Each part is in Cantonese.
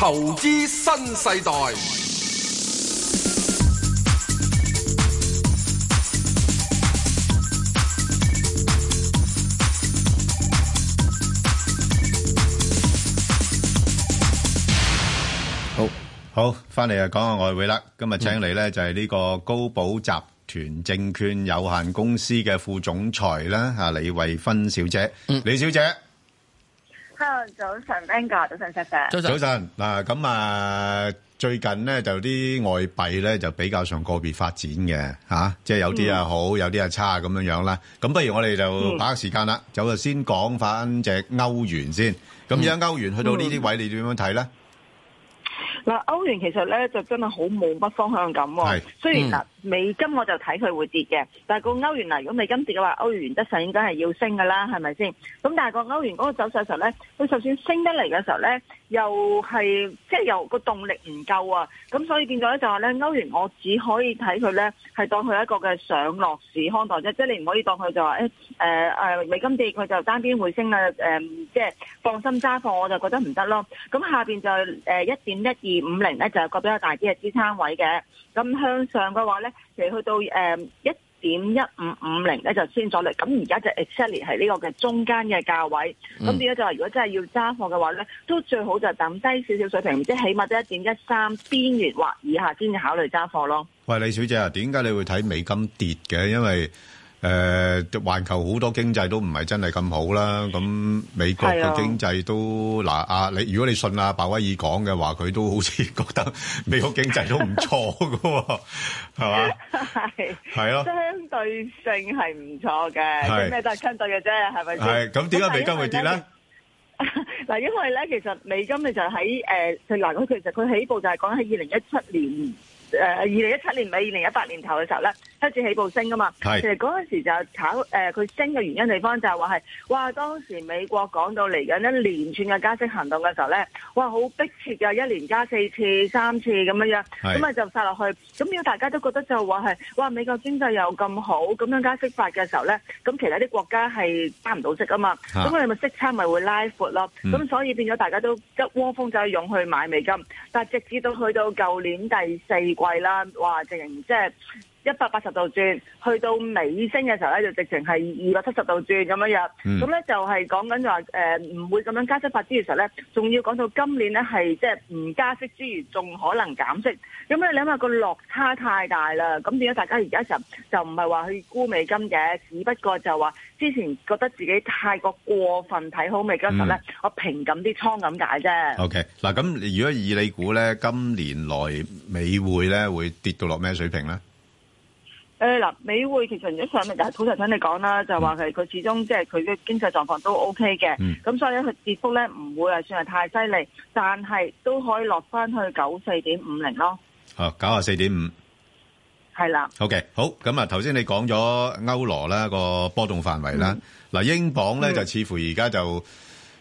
投資新世代，好好翻嚟啊！講下外匯啦。今日請嚟咧就係呢個高寶集團證券有限公司嘅副總裁啦，啊李慧芬小姐，嗯、李小姐。好，早晨 Angela 早晨，Sir 早晨，嗱，咁啊，啊，最近咧就啲外幣咧就比較上個別發展嘅吓，即係有啲又好，嗯、有啲啊差咁樣樣啦。咁不如我哋就把握時間啦、嗯，就先講翻隻歐元先。咁而家歐元去到呢啲位，嗯、你點樣睇咧？嗱，歐元其實咧就真係好冇乜方向感喎、哦。雖然嗱、嗯，美金我就睇佢會跌嘅，但係個歐元嗱，如果美金跌嘅話，歐元原則上應該係要升㗎啦，係咪先？咁但係個歐元嗰個走勢嘅時候咧，佢就算升得嚟嘅時候咧。又係即係又個動力唔夠啊！咁所以變咗咧就話咧歐元，我只可以睇佢咧係當佢一個嘅上落市看待啫，即係你唔可以當佢就話誒誒誒美金跌佢就單邊會升啊！誒即係放心揸貨我就覺得唔得咯。咁下邊就係誒一點一二五零咧就係個比較大啲嘅支撐位嘅。咁向上嘅話咧，其實去到誒一點一五五零咧就先咗嚟，咁而家就 exactly 係呢個嘅中間嘅價位，咁變咗就話如果真係要揸貨嘅話咧，都最好就等低少少水平，即係起碼都一點一三邊緣或以下先至考慮揸貨咯。喂，李小姐啊，點解你會睇美金跌嘅？因為誒，環球好多經濟都唔係真係咁好啦。咁美國嘅經濟都嗱啊，你如果你信啊，鮑威爾講嘅話，佢都好似覺得美國經濟都唔錯㗎，係嘛？係係咯，相對性係唔錯嘅，咩都係相對嘅啫，係咪？係咁點解美金會跌咧？嗱，因為咧，其實美金，你就喺誒，佢嗱，佢其實佢起步就係講喺二零一七年。誒二零一七年尾，二零一八年頭嘅時候咧，開始起步升噶嘛。係。其實嗰陣時就炒誒，佢、呃、升嘅原因的地方就係話係，哇！當時美國講到嚟緊一連串嘅加息行動嘅時候咧，哇！好迫切嘅，一連加四次、三次咁樣樣，咁咪就殺落去。咁如果大家都覺得就話係，哇！美國經濟又咁好，咁樣加息法嘅時候咧，咁其他啲國家係加唔到息啊嘛。啊。咁佢哋咪息差咪會拉闊咯。嗯。咁所以變咗大家都一窩蜂就係湧去買美金。但係直至到去到舊年第四。喂啦，話直情即係。一百八十度轉，去到尾聲嘅時候咧，就直情係二百七十度轉咁樣樣。咁、嗯、咧就係講緊話誒，唔會咁樣加息發資嘅時候咧，仲要講到今年咧係即係唔加息之餘，仲可能減息。咁你諗下個落差太大啦。咁點解大家而家就就唔係話去沽美金嘅？只不過就話之前覺得自己太過過分睇好美金嘅時候、嗯、咧我平咁啲倉咁解啫。OK，嗱咁如果以你估咧，今年來美匯咧會跌到落咩水平咧？誒，嗱，美匯其實上面就是上，就係土才想你講啦，就係話佢佢始終即係佢嘅經濟狀況都 O K 嘅，咁所以佢跌幅咧唔會係算係太犀利，但係都可以落翻去九四點五零咯。吓、啊，九啊四點五，係啦。OK，好。咁啊，頭先你講咗歐羅啦個波動範圍啦，嗱、嗯，英鎊咧就似乎而家就、嗯、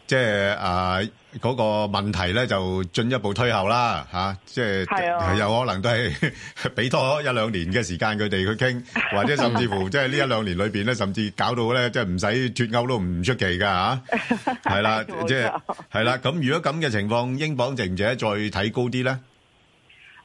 即係啊。嗰個問題咧，就進一步推後啦，嚇，即係有可能都係俾多一兩年嘅時間佢哋去傾，或者甚至乎即係呢一兩年裏邊咧，甚至搞到咧，即係唔使脫歐都唔出奇噶嚇，係啦，即係係啦。咁如果咁嘅情況，英鎊係唔係再睇高啲咧？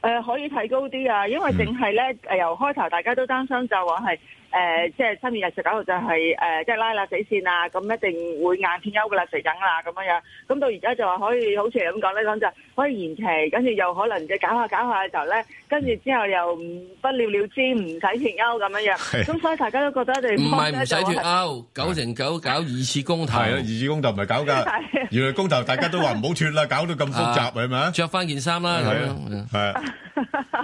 誒，可以睇高啲啊，因為淨係咧由開頭大家都擔心就話係。誒，即係三月廿九號就係誒，即係拉下死線啊！咁一定會硬脫歐噶啦，死梗啦咁樣樣。咁到而家就話可以好似係咁講咧，咁就可以延期，跟住又可能就搞下搞下嘅時候咧，跟住之後又不了了之，唔使脫歐咁樣樣。咁所以大家都覺得你唔係唔使脫歐，九成九搞二次公投。係啦，二次公投唔係搞㗎，原來公投大家都話唔好脫啦，搞到咁複雜係咪啊？著翻件衫啦，係啊，係啊。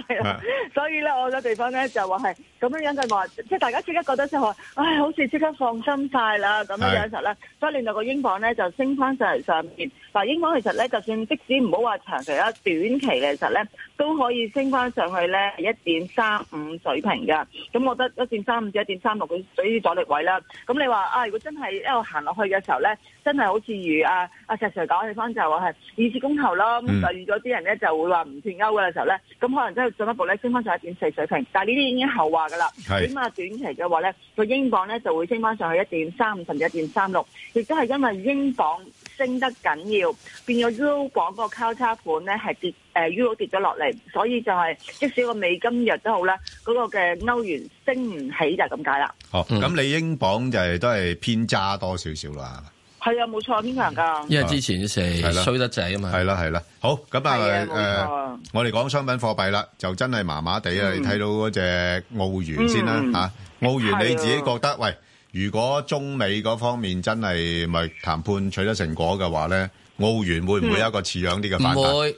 係啊，所以咧，我嗰地方咧就話係咁樣樣嘅話，即係大家。即刻覺得即係話，唉，好似即刻放心晒啦咁樣嘅時候咧，所以令到個英鎊咧就升翻上嚟上面。嗱，英鎊其實咧，就算即使唔好話長期啦，短期嘅時候咧，都可以升翻上去咧一點三五水平㗎。咁我覺得一點三五至一點三六佢屬於阻力位啦。咁你話啊，如果真係一路行落去嘅時候咧，真係好似如啊啊石 Sir 講起翻就話係二次公投咯，咁預咗啲人咧就會話唔脱歐嘅時候咧，咁可能真係進一步咧升翻上一點四水平。但係呢啲已經後話噶啦，咁啊短期，嘅話咧，個英鎊咧就會升翻上去一點三五甚至一點三六，亦都係因為英鎊升得緊要，變咗歐鎊嗰個交叉盤咧係跌，誒歐跌咗落嚟，所以就係即使個美金弱都好咧，嗰、那個嘅歐元升唔起就咁解啦。好、啊，咁你英鎊就係、是、都係偏渣多少少啦。係啊，冇錯，偏強㗎。因為之前啲事係啦，衰得滯啊嘛。係啦，係啦。好，咁啊誒，我哋講商品貨幣啦，就真係麻麻地啊。你睇到嗰隻澳元先啦嚇，澳元你自己覺得，喂，如果中美嗰方面真係咪談判取得成果嘅話咧，澳元會唔會有一個似樣啲嘅反彈？唔會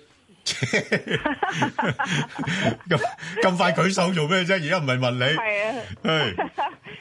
咁咁快舉手做咩啫？而家唔係問你。係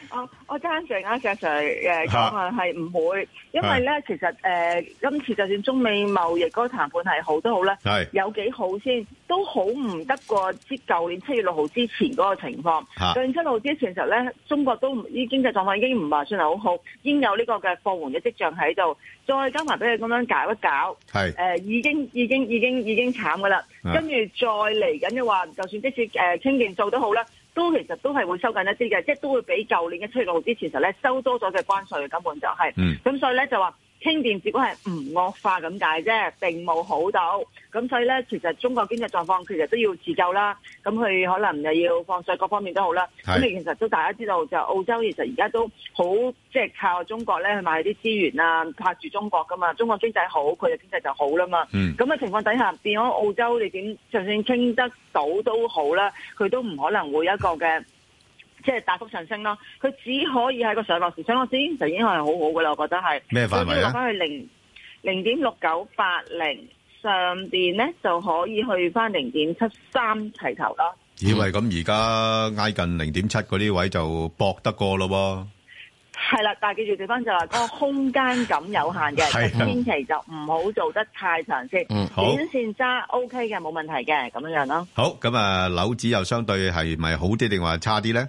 啊。我贊成 Stan、啊、sir，誒、呃，我係唔會？因為咧、啊，其實誒、呃，今次就算中美貿易嗰個談判係好都好咧，有幾好先都好唔得過之舊年七月六號之前嗰個情況。舊年七、啊、月六號之前其實咧，中國都呢經濟狀況已經唔話算係好好，已經有呢個嘅放緩嘅跡象喺度。再加埋俾佢咁樣搞一搞，誒、呃，已經已經已經已經慘㗎喇。跟、啊、住再嚟緊嘅話，就算即使誒傾掂數都好啦。都其實都係會收緊一啲嘅，即係都會比舊年嘅七月六號之前實咧收多咗嘅關稅嘅根本就係、是，咁、嗯、所以咧就話。清電只不過係唔惡化咁解啫，並冇好到。咁所以咧，其實中國經濟狀況其實都要自救啦。咁佢可能又要放水，各方面都好啦。咁你其實都大家知道，就澳洲其實而家都好，即係靠中國咧去買啲資源啊，靠住中國噶嘛。中國經濟好，佢嘅經濟就好啦嘛。咁、嗯、嘅情況底下，變咗澳洲你點，就算傾得到都好啦，佢都唔可能會一個嘅。即係大幅上升咯，佢只可以喺個上落市，上落市就已經係好好噶啦。我覺得係，佢要落翻去零零點六九八零上邊咧，就可以去翻零點七三齊頭咯。以為咁而家挨近零點七嗰啲位就搏得過咯？喎，係啦，但係記住地方就話嗰個空間感有限嘅，千祈就唔好做得太長線。短線揸 OK 嘅，冇問題嘅，咁樣樣咯。好，咁啊，樓指又相對係咪好啲定話差啲咧？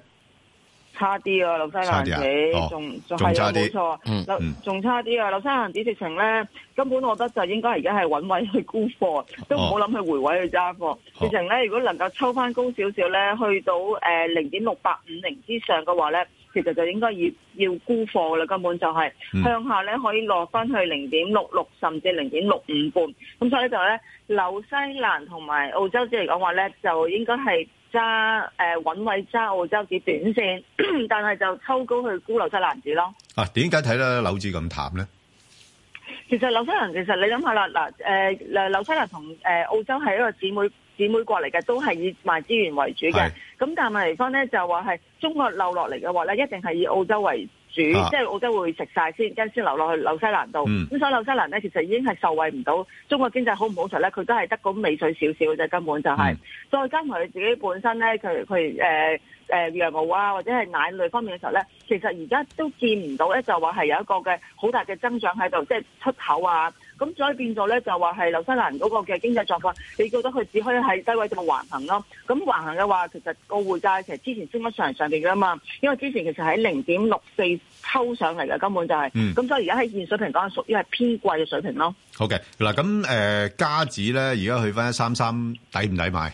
差啲啊，紐西蘭紙仲仲係啊，冇、哦、錯，仲、嗯、差啲啊，紐、啊、西蘭紙直情咧根本我覺得就應該而家係穩位去沽貨，哦、都唔好諗去回位去揸貨。直情咧如果能夠抽翻高少少咧，去到誒零點六八五零之上嘅話咧，其實就應該要要沽貨啦。根本就係、是嗯、向下咧可以落翻去零點六六甚至零點六五半。咁所以就咧紐西蘭同埋澳洲紙嚟講話咧，就應該係。揸誒搵位揸澳洲嘅短線，但係就抽高去沽紐西蘭紙咯。啊，點解睇得紐紙咁淡咧？其實紐西蘭其實你諗下啦，嗱、呃、誒，紐紐西蘭同誒澳洲係一個姊妹姊妹國嚟嘅，都係以賣資源為主嘅。咁但係嚟講咧，就話係中國漏落嚟嘅話咧，一定係以澳洲為主。煮、啊、即係我都會食晒先，跟先流落去紐西蘭度。咁、嗯、所以紐西蘭咧，其實已經係受惠唔到中國經濟好唔好上咧，佢都係得個尾水少少嘅啫。根本就係、是嗯、再加埋佢自己本身咧，佢佢誒誒羊毛啊，或者係奶類方面嘅時候咧，其實而家都見唔到咧，就話係有一個嘅好大嘅增長喺度，即係出口啊。咁所以變咗咧，就話係紐西蘭嗰個嘅經濟狀況，你覺得佢只可以係低位定係橫行咯？咁橫行嘅話，其實個匯價其實之前升得上上嘅㗎嘛，因為之前其實喺零點六四抽上嚟嘅根本就係、是，咁、嗯、所以而家喺現水平講屬於係偏貴嘅水平咯。好、okay. 嘅，嗱咁誒，加指咧而家去返一三三，抵唔抵買？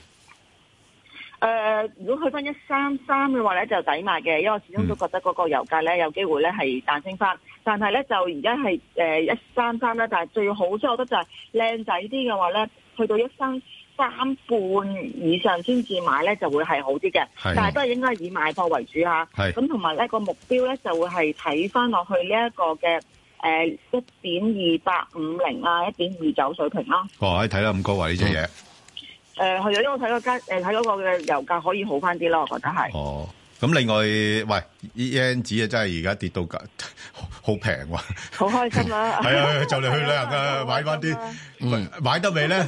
誒、呃，如果去翻一三三嘅話咧，就抵買嘅，因為我始終都覺得嗰個油價咧、嗯、有機會咧係彈升翻，但係咧就而家係誒一三三咧，但係最好，所以我覺得就係靚仔啲嘅話咧，去到一三三半以上先至買咧就會係好啲嘅，但係都係應該以買貨為主嚇。係咁，同埋咧個目標咧就會係睇翻落去呢一個嘅誒一點二八五零啊、一點二九水平囉。哦，可以睇啦，咁高位呢隻嘢。誒、呃，係啊、那個，因為我睇嗰家誒睇個嘅、呃、油價可以好翻啲咯，我覺得係。哦，咁另外喂，E N 子啊，真係而家跌到好平喎。好開心啦！係啊，就、嗯、嚟、嗯啊啊、去旅行啊，啊，買翻啲、啊嗯，買得未咧？誒、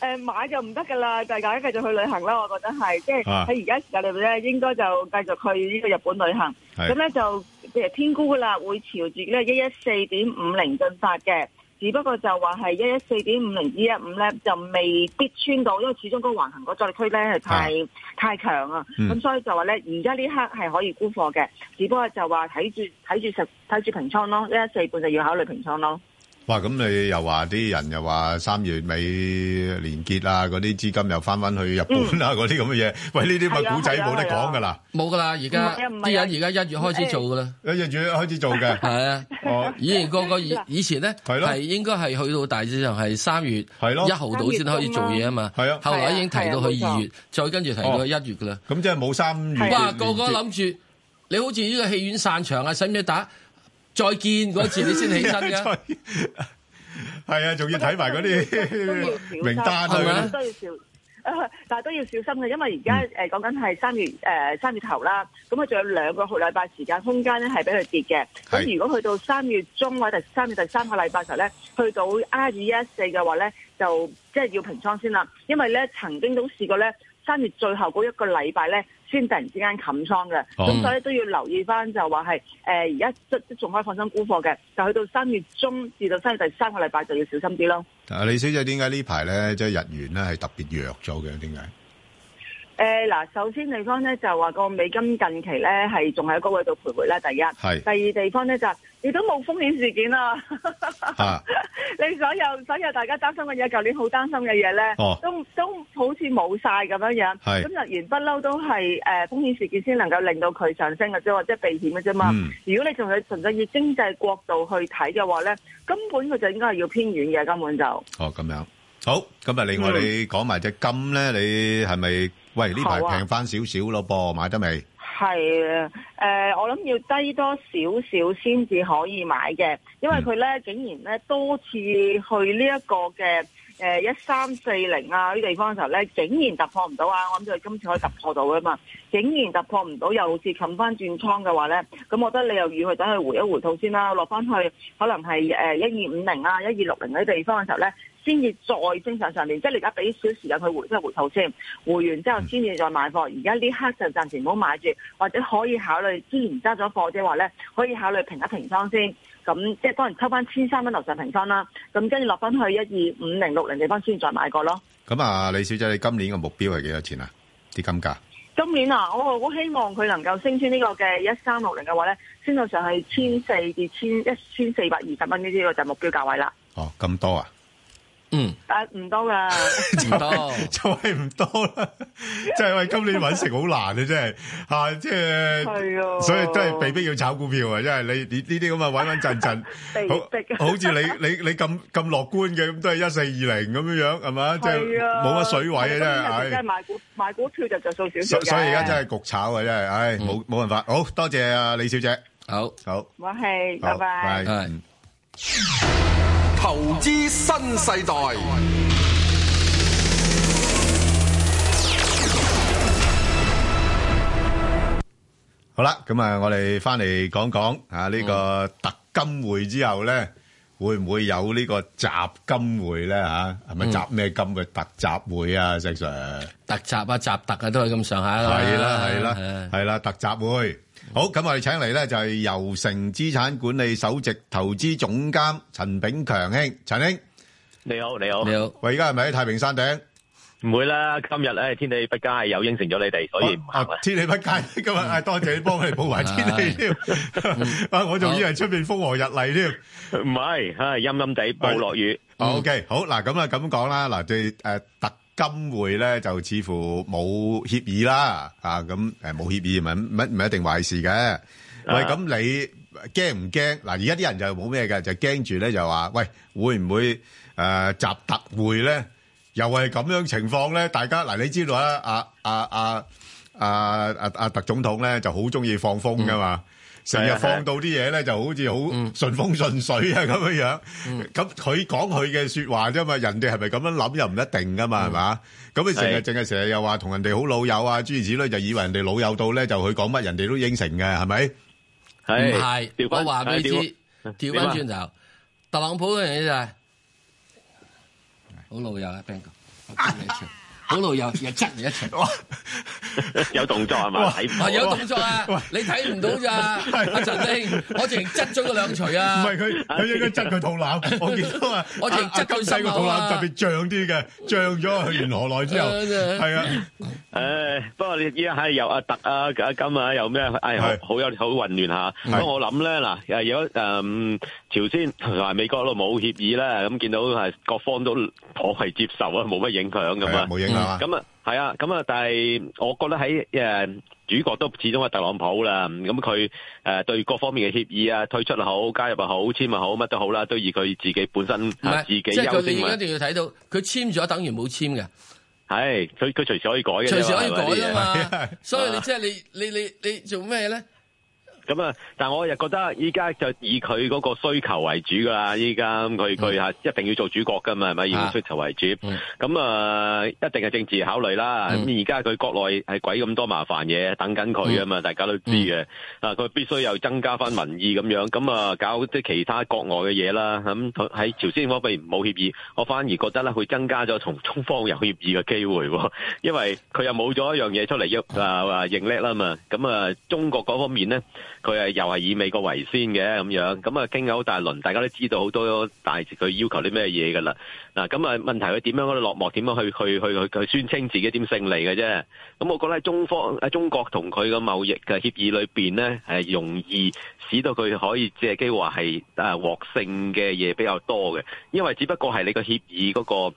呃，買就唔得噶啦，就係大家繼續去旅行啦、啊。我覺得係，即係喺而家時間裏邊咧，應該就繼續去呢個日本旅行。咁咧、啊、就誒天沽啦，會朝住呢一一四點五零進發嘅。只不過就話係一一四點五零至一五咧，就未必穿到，因為始終個橫行嗰阻力區咧係太太強啊，咁、嗯、所以就話咧，而家呢刻係可以沽貨嘅，只不過就話睇住睇住實睇住平倉咯，一一四半就要考慮平倉咯。哇！咁你又話啲人又話三月尾連結啊，嗰啲資金又翻翻去日本啦、啊，嗰啲咁嘅嘢。喂，呢啲咪古仔冇得講噶啦，冇噶啦！而家啲人而家一月開始做噶啦，一、哎、月月開始做嘅，係啊！哦，以前個個以以前咧係應該係去到大致上係三月一號到先開始做嘢啊嘛，係啊！後來已經提到去二月，啊月啊，再跟住提到去一月噶啦，咁、啊、即係冇三月。哇！個個諗住你好似呢個戲院散場啊，使唔使打？再見嗰次你先起身嘅，係 啊，仲要睇埋嗰啲名單啊，都要小心，但係都要小心嘅，因為而家誒講緊係三月誒三月頭啦，咁啊仲有兩個半禮拜時間空間咧，係俾佢跌嘅。咁如果去到三月中或者三月第三個禮拜時候咧，去到 R 二一四嘅話咧，就即係要平倉先啦，因為咧曾經都試過咧。三月最後嗰一個禮拜咧，先突然之間冚倉嘅，咁、oh. 所以都要留意翻，就話係誒而家都仲可以放心沽貨嘅，就去到三月中至到三月第三個禮拜就要小心啲咯。阿李小姐點解呢排咧即係日元咧係特別弱咗嘅？點解？誒，嗱，首先地方咧就話個美金近期咧係仲喺高位度徘徊咧。第一，係第二地方咧就，亦都冇風險事件啦、啊。啊、 你所有所有大家擔心嘅嘢，舊年好擔心嘅嘢咧，都都好似冇晒咁樣樣。咁既然不嬲都係誒風險事件先能夠令到佢上升嘅，啫，或者避險嘅啫嘛。如果你仲係純粹以經濟角度去睇嘅話咧，根本佢就應該係要偏軟嘅，根本就。哦，咁樣好。咁啊，另外你講埋隻金咧、嗯，你係咪？喂，呢排平翻少少咯噃，買得未？係誒、呃，我諗要低多少少先至可以買嘅，因為佢咧竟然咧多次去呢一個嘅誒一三四零啊啲、這個、地方嘅時候咧，竟然突破唔到啊！我諗佢今次可以突破到啊嘛，竟然突破唔到，又好似冚翻轉倉嘅話咧，咁我覺得你又要去等佢回一回吐先啦，落翻去可能係誒一二五零啊一二六零啲地方嘅時候咧。先至再正常上面，即係你而家俾少時間佢回即係回頭先，回完之後先至再買貨。而家呢刻就暫時唔好買住，或者可以考慮之前揸咗貨即係話咧，可以考慮平一平倉先。咁即係當然抽翻千三蚊樓上平倉啦。咁跟住落翻去一二五零六零地方先再買過咯。咁、嗯、啊，李小姐，你今年嘅目標係幾多錢啊？啲金價？今年啊，我好希望佢能夠升穿呢個嘅一三六零嘅話咧，升到上去千四至千一千四百二十蚊呢啲，我就是、目標價位啦。哦，咁多啊！嗯，但唔多噶，唔多，就係唔多啦，即係今年搵食好難啊，真係吓，即係，係啊，所以真係被逼要炒股票啊，真係，你你呢啲咁啊，穩穩陣陣，被逼，好似你你你咁咁樂觀嘅，咁都係一四二零咁樣樣，係嘛，即係冇乜水位啊，真係，真係賣股賣股票就就做短線，所以而家真係焗炒啊，真係，唉，冇冇辦法，好多謝啊李小姐，好好，我係，拜拜。投資新世代，好啦，咁啊，我哋翻嚟講講啊，呢個特金會之後咧，會唔會有呢個習金會咧？吓係咪集咩金嘅特習會啊？Sir，特習啊，習特啊，都係咁上下啦，係啦，係啦，係啦，特習會。好，咁我哋請嚟咧就係悠誠資產管理首席投資總監陳炳強兄，陳兄你好，你好，你好，喂，而家係咪喺太平山頂？唔會啦，今日咧天氣不佳，又應承咗你哋，所以唔同啦。天氣不佳，今日唉，多謝你幫我哋保温。天氣添啊，我仲以為出面風和日麗添，唔係係陰陰地，冇落雨。O K，好嗱，咁啊咁講啦，嗱對誒特。金會咧就似乎冇協議啦，啊咁誒冇協議咪乜唔係一定壞事嘅。喂，咁你驚唔驚？嗱，而家啲人就冇咩嘅，就驚住咧就話，喂會唔會誒習特會咧？又係咁樣情況咧？大家嗱，你知道呀，阿阿阿阿阿阿特總統咧就好鍾意放風㗎嘛。成日放到啲嘢咧，就好似好順風順水啊咁樣樣。咁佢講佢嘅説話啫嘛，人哋係咪咁樣諗又唔一定噶嘛，係嘛？咁佢成日淨係成日又話同人哋好老友啊，諸如此類，就以為人哋老友到咧，就佢講乜人哋都應承嘅，係咪？係，唔係，我話俾你知，調翻轉頭，特朗普嗰啲就好老友啦，Ben 哥。好耐又又執嚟一錘，有動作係嘛？哇！有動作啊！你睇唔到咋？阿陳生，我淨係執咗個兩錘啊！唔係佢，佢應該執佢肚腩。我見到啊，我淨係執佢細個肚腩，特別脹啲嘅，脹咗去完何來之後，係啊。誒，不過你依家係又阿特啊、阿金啊，又咩？係好有好混亂吓。不過我諗咧，嗱，如果誒朝鮮同埋美國都冇協議咧，咁見到係各方都可係接受啊，冇乜影響咁啊。冇影。咁、嗯、啊，係啊，咁啊，但係我覺得喺誒、呃、主角都始終係特朗普啦。咁佢誒對各方面嘅協議啊，退出又好，加入又好，簽又好，乜都好啦，都以佢自己本身唔係自己優先。即係你一定要睇到佢簽咗等於冇簽嘅。係，佢佢隨時可以改嘅，隨時可以改啊嘛，是是。所以你即係 你你你你，你做咩咧？咁啊！但我又覺得依家就以佢嗰個需求為主㗎啦。依家佢佢一定要做主角㗎嘛，係咪要需求為主？咁啊，一定係政治考慮啦。咁而家佢國內係鬼咁多麻煩嘢等緊佢啊嘛，大家都知嘅。啊、嗯，佢必須又增加翻民意咁樣，咁啊搞啲其他國外嘅嘢啦。咁喺朝鮮方面冇協議，我反而覺得咧，佢增加咗同中方有協議嘅機會，因為佢又冇咗一樣嘢出嚟喐啊！認叻啦嘛，咁啊，中國嗰方面咧。佢係又係以美國為先嘅咁樣，咁啊傾咗好大輪，大家都知道好多大佢要求啲咩嘢噶啦。嗱，咁啊問題佢點樣嗰啲落幕點樣去去去去宣稱自己點勝利嘅啫？咁我覺得喺中方喺中國同佢嘅貿易嘅協議裏邊咧，係容易使到佢可以借機話係誒獲勝嘅嘢比較多嘅，因為只不過係你個協議嗰個。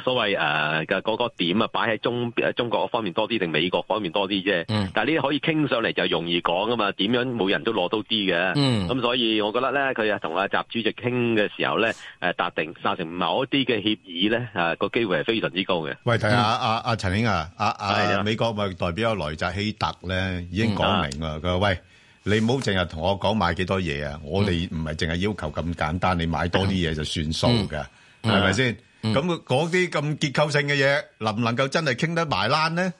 所謂誒嘅個,個點點啊，擺喺中中國方面多啲定美國方面多啲啫、嗯。但係呢啲可以傾上嚟就容易講啊嘛。點樣每人都攞到啲嘅？咁、嗯嗯、所以我覺得咧，佢啊同阿習主席傾嘅時候咧，誒達定達成某一啲嘅協議咧，誒、啊、個機會係非常之高嘅。喂，睇下阿阿陳英啊，啊,啊,啊,啊美國咪代表阿萊澤希特咧，已經講明啦。佢、嗯、話：喂，你唔好淨係同我講買幾多嘢啊、嗯！我哋唔係淨係要求咁簡單，你買多啲嘢就算數㗎，係咪先？咁嗰啲咁結構性嘅嘢，能唔能夠真係傾得埋欄呢？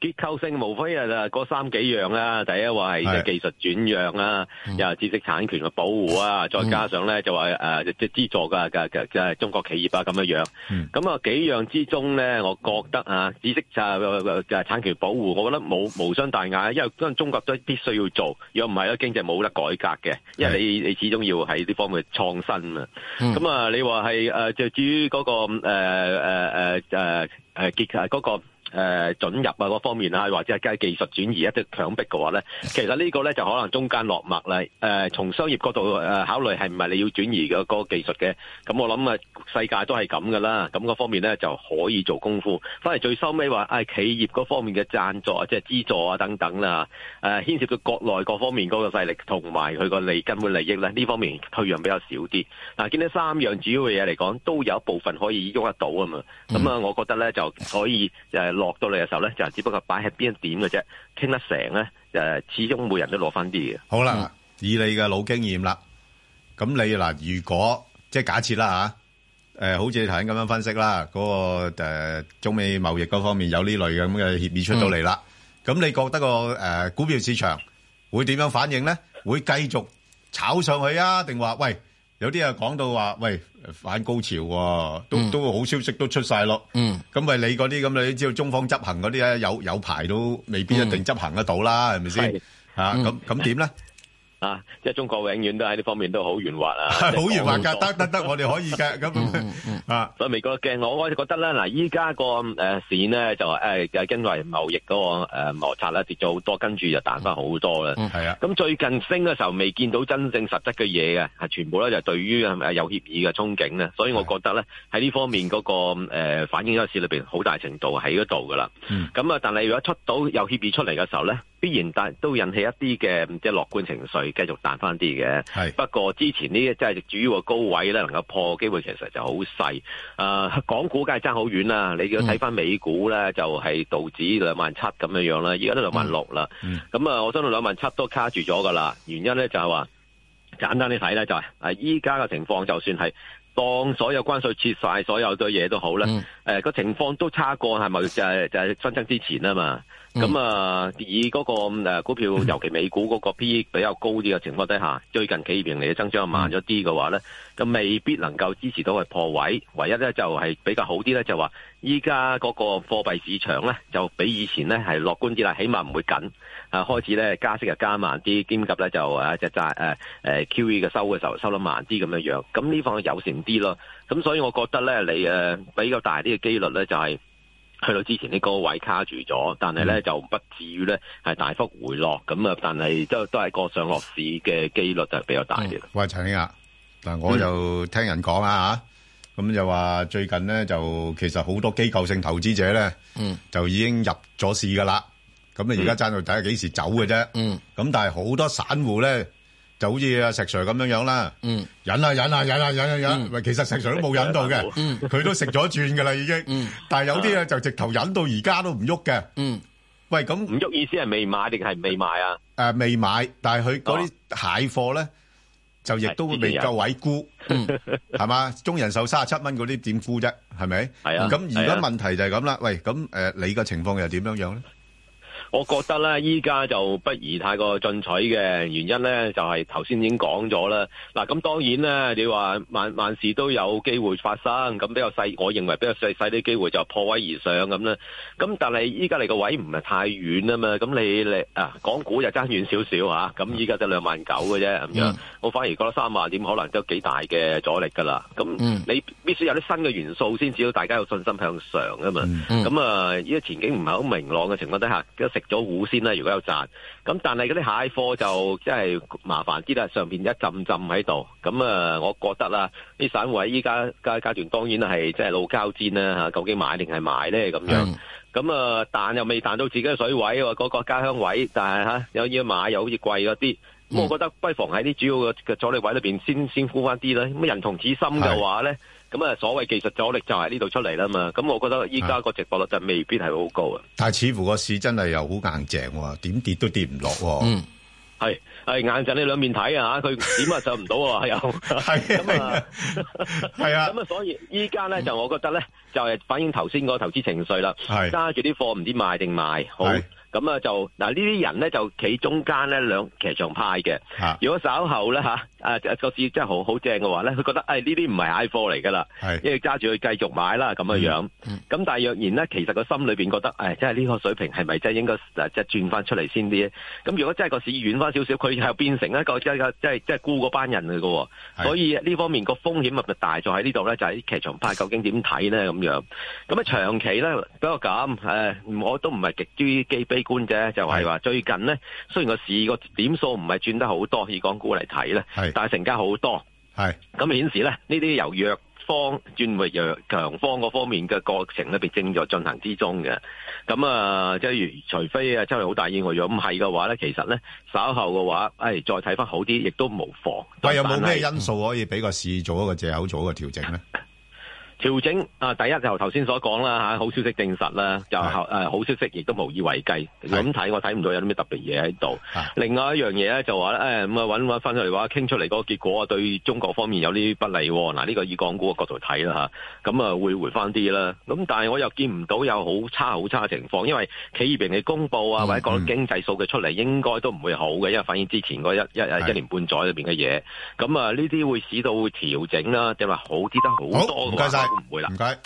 結構性無非啊嗰三幾樣啦第一話係嘅技術轉讓啦又係知識產權嘅保護啊再加上咧就話誒即係資助噶噶噶就係中國企業啊咁樣樣。咁啊幾樣之中咧，我覺得啊，知識啊個個誒產權保護，我覺得冇無傷大雅，因為因為中國都必須要做，如果唔係咧經濟冇得改革嘅，因為你你始終要喺呢方面創新啊。咁啊，你話係誒就至於嗰個誒誒誒誒誒結嗰個。誒，准入啊，嗰方面啊，或者係計技術轉移一啲強迫嘅話咧，其實呢個咧就可能中間落墨啦。誒、呃，從商業角度誒考慮，係唔係你要轉移嘅嗰、那個技術嘅？咁我諗啊，世界都係咁噶啦。咁、那、嗰、個、方面咧就可以做功夫。翻嚟最收尾話，誒、啊，企業嗰方面嘅讚助啊，即係資助啊等等啦。誒、啊，牽涉到國內各方面嗰個勢力同埋佢個利根本利益咧，呢方面退讓比較少啲。嗱、啊，見到三樣主要嘅嘢嚟講，都有一部分可以喐得到啊嘛。咁啊，我覺得咧就可以誒。就是落到嚟嘅時候咧，就係只不過擺喺邊一點嘅啫，傾得成咧，誒，始終每人都攞翻啲嘅。好啦，以你嘅老經驗啦，咁你嗱，如果即係假設啦吓，誒，好似你頭先咁樣分析啦，嗰個誒中美貿易嗰方面有呢類咁嘅協議出到嚟啦，咁你覺得個誒股票市場會點樣反應咧？會繼續炒上去啊？定話喂？有啲人講到話，喂，反高潮喎、啊，都、嗯、都好消息都出曬咯。咁咪你嗰啲咁，你知道中方執行嗰啲有有排都未必一定執行得到啦，係咪先？咁咁點呢？啊！即、就、係、是，中國永遠都喺呢方面都好圓滑啊，好 圓滑噶，得得得，我哋可以噶咁啊！所以美國都驚我，我哋覺得咧，嗱，依家個誒市咧就誒，就、呃、因為貿易嗰個誒摩擦咧跌咗好多，跟住就彈翻好多啦。係、嗯、啊！咁、啊、最近升嘅時候未見到真正實質嘅嘢嘅，係全部咧就對於有協議嘅憧憬咧，所以我覺得咧喺呢、啊、在這方面嗰、那個誒、呃、反映喺市裏邊好大程度係喺度噶啦。咁、嗯、啊，但係如果出到有協議出嚟嘅時候咧？必然都引起一啲嘅即係樂觀情緒，繼續彈翻啲嘅。係不過之前呢，即係主要個高位咧，能夠破機機會其實就好細。誒、呃，港股梗係爭好遠啦。你要睇翻美股咧，就係、是、道指兩萬七咁樣樣啦，而家都兩萬六啦。咁啊、嗯，我相信兩萬七都卡住咗噶啦。原因咧就係、是、話簡單啲睇咧，就係啊，依家嘅情況就算係當所有關稅切晒，所有對嘢都好啦，誒個情況都差過係咪、就是？就係就係新增之前啊嘛。咁、嗯、啊、嗯嗯，以嗰個股票，尤其美股嗰個 PE 比較高啲嘅情況底下，最近企業盈利嘅增長慢咗啲嘅話咧，就未必能夠支持到佢破位。唯一咧就係比較好啲咧，就話依家嗰個貨幣市場咧就比以前咧係樂觀啲啦，起碼唔會緊啊。開始咧加息就加慢啲，兼夾咧就啊只債誒 QE 嘅收嘅時候收得慢啲咁樣樣。咁呢方有成啲咯。咁所以我覺得咧，你誒比較大啲嘅機率咧就係、是。去到之前啲高位卡住咗，但係咧就不至於咧係大幅回落咁啊！但係都都係個上落市嘅機率就比較大啲，嗯。喂，陳兄啊，嗱，我就聽人講、嗯、啊吓咁就話最近咧就其實好多機構性投資者咧，嗯，就已經入咗市噶啦，咁啊而家爭到底係幾時走嘅啫，嗯，咁、嗯、但係好多散戶咧。就好似阿石 Sir 咁樣樣啦，忍啊忍啊忍啊忍忍忍，唔係其實石 Sir 都冇忍到嘅，佢都食咗轉噶啦已經。但係有啲嘢就直頭忍到而家都唔喐嘅。喂，咁唔喐意思係未買定係未賣啊？誒，未買，但係佢嗰啲蟹貨咧就亦都會未夠位沽，係嘛？中人壽卅七蚊嗰啲點沽啫？係咪？係啊。咁而家問題就係咁啦。喂，咁誒，你嘅情況又點樣樣咧？我覺得咧，依家就不宜太過進取嘅原因咧，就係頭先已經講咗啦。嗱，咁當然啦你話萬萬事都有機會發生，咁比較細，我認為比較細細啲機會就破位而上咁啦。咁但係依家你個位唔係太遠啊嘛，咁你嚟啊，港股就爭遠少少啊。咁依家就兩萬九嘅啫，咁樣，我反而覺得三萬點可能都有幾大嘅阻力噶啦。咁你必須有啲新嘅元素先至，要大家有信心向上啊嘛。咁、mm. 啊、mm.，依、呃、家前景唔係好明朗嘅情況底下。食咗糊先啦，如果有賺，咁但係嗰啲蟹貨就真係麻煩啲啦，上邊一浸浸喺度，咁啊，我覺得啦，啲散戶依家階階段當然係即係老交煎啦，吓，究竟買定係賣咧咁樣，咁、嗯、啊，但又未彈到自己嘅水位喎，個家鄉位，但係吓、啊、有嘢買，又好似貴嗰啲，咁、嗯、我覺得不妨喺啲主要嘅嘅阻力位裏邊先先沽翻啲啦，咁人同此心嘅話咧。咁啊，所謂技術阻力就係呢度出嚟啦嘛。咁我覺得依家個值博率就未必係好高啊。但係似乎個市真係又好硬淨、啊，點跌都跌唔落喎。嗯，係係硬淨，你兩面睇啊佢點啊？上唔到啊又係咁啊，係 是啊。咁 啊，啊啊 所以依家咧就我覺得咧。嗯就係、是、反映頭先嗰個投資情緒啦，揸住啲貨唔知賣定買,買，好，咁啊就嗱呢啲人咧就企中間咧兩騎牆派嘅、啊。如果稍後咧嚇啊個、啊、市真係好好正嘅話咧，佢覺得誒呢啲唔係蟹貨嚟㗎啦，因為揸住佢繼續買啦咁樣樣。咁、嗯嗯、但係若然咧，其實個心裏邊覺得誒，即係呢個水平係咪真係應該即係轉翻出嚟先啲？咁如果真係個市軟翻少少，佢又變成一個即係即係即係沽嗰班人㗎喎。所以呢方面個風險係咪大就喺呢度咧？就係、是、啲騎牆派究竟點睇咧咁？咁啊，長期咧，不過咁誒我都唔係極之悲觀啫。就係、是、話最近咧，雖然個市個點數唔係轉得好多，以港股嚟睇咧，但係成交好多，係，咁顯示咧，呢啲由弱方轉為弱強方嗰方面嘅過程咧，被正在進行之中嘅。咁啊，即係除非啊，真係好大意外，如果唔係嘅話咧，其實咧稍後嘅話，誒、哎、再睇翻好啲，亦都無妨。但係有冇咩因素可以俾個市做一個藉口做一個調整咧？ 調整啊！第一就頭先所講啦吓，好消息證實啦，就誒好消息亦都無以為繼咁睇，我睇唔到有啲咩特別嘢喺度。另外一樣嘢咧就話咧誒，咁啊揾翻出嚟話傾出嚟嗰個結果啊，對中國方面有啲不利嗱。呢、啊呢個以港股嘅角度睇啦吓，咁啊，啊會回翻啲啦。咁、啊、但係我又見唔到有好差好差嘅情況，因為企業邊嘅公布啊、嗯、或者講經濟數據出嚟、嗯，應該都唔會好嘅，因為反映之前嗰一一,一年半載入邊嘅嘢。咁啊呢啲會使到調整啦，即話好啲得好多。唔該晒。唔會啦，唔該。